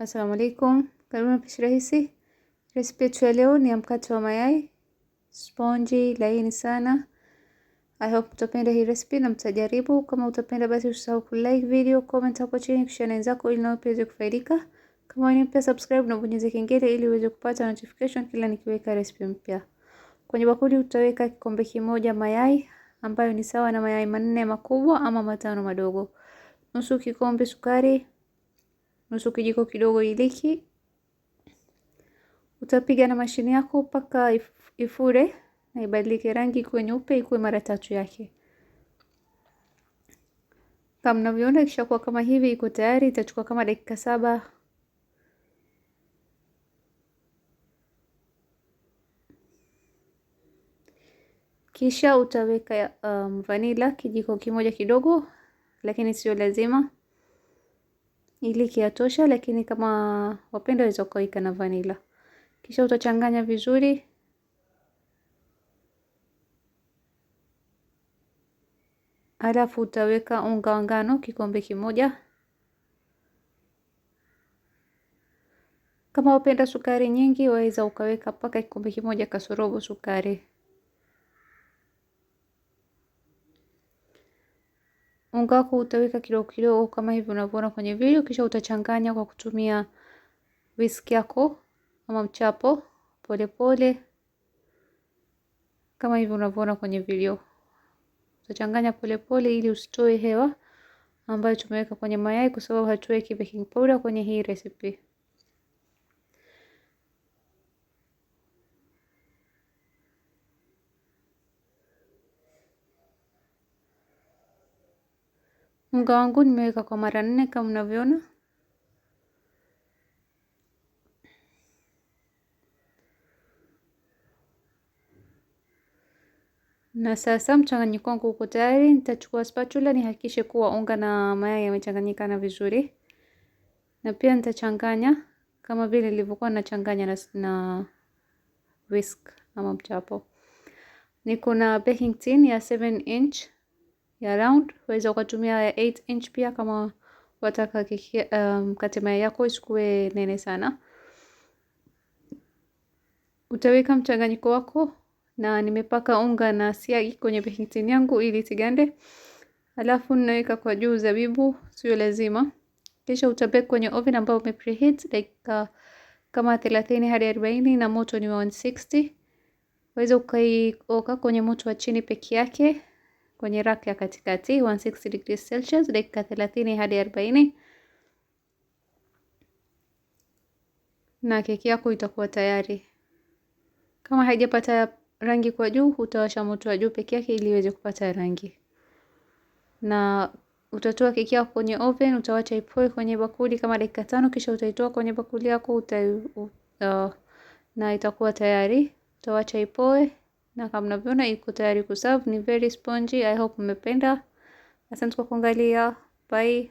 Assalamu alaikum, karibu na pishi rahisi. Recipe yetu ya leo ni ya mkate wa mayai sponji laini sana. I hope utapenda hii recipe na mtajaribu. Kama utapenda, basi usisahau ku like video, comment hapo chini, kisha na wenzako, ili nao pia kufaidika. Kama ni mpya, subscribe na bonyeza kengele ili uweze kupata notification kila nikiweka recipe mpya. Kwenye bakuli utaweka kikombe kimoja mayai ambayo ni sawa na mayai manne makubwa ama matano madogo, nusu kikombe sukari nusu kijiko kidogo iliki. Utapiga na mashine yako mpaka ifure na ibadilike rangi, ikuwe nyeupe, ikuwe mara tatu yake. Kama mnavyoona, ikishakuwa kama hivi, iko tayari. Itachukua kama dakika saba. Kisha utaweka um, vanila kijiko kimoja kidogo, lakini sio lazima iliki tosha lakini kama wapenda waweza ukaweka na vanila. Kisha utachanganya vizuri. Alafu utaweka unga wa ngano kikombe kimoja. Kama wapenda sukari nyingi, waweza ukaweka mpaka kikombe kimoja kasorobo sukari. Unga wako utaweka kidogo kidogo kama hivi unavyoona kwenye video, kisha utachanganya kwa kutumia whisk yako ama mchapo polepole pole, kama hivi unavyoona kwenye video. Utachanganya polepole ili usitoe hewa ambayo tumeweka kwenye mayai, kwa sababu hatuweki baking powder kwenye hii recipe. Unga wangu nimeweka kwa mara nne kama mnavyoona. Na sasa mchanganyiko wangu uko tayari. Nitachukua spatula nihakikishe kuwa unga na mayai yamechanganyikana vizuri, na pia nitachanganya kama vile nilivyokuwa nachanganya na, na whisk ama mchapo. Niko na baking tin ya 7 inch ya round. Waweza ukatumia ya 8 inch pia kama wataka keki, um, katemaya yako isikuwe nene sana. Utaweka mchanganyiko wako na nimepaka unga na siagi kwenye baking tin yangu ili tigande. Alafu ninaweka kwa juu zabibu, sio lazima. Kisha utabeki kwenye oven ambao ume preheat like, kama 30 hadi 40 na moto ni 160. Waweza ukaioka kwenye moto wa chini peke yake kwenye rack ya katikati 160 degrees Celsius, dakika 30 hadi 40, na keki yako itakuwa tayari. Kama haijapata rangi kwa juu, utawasha moto wa juu peke yake ili iweze kupata rangi, na utatoa keki yako kwenye oven, utawacha ipoe kwenye bakuli kama dakika tano, kisha utaitoa kwenye bakuli yako uta, uh, na itakuwa tayari. Utawacha ipoe na kama mnavyoona iko tayari kuserve, ni very spongy. I hope mmependa. Asante kwa kuangalia, bye.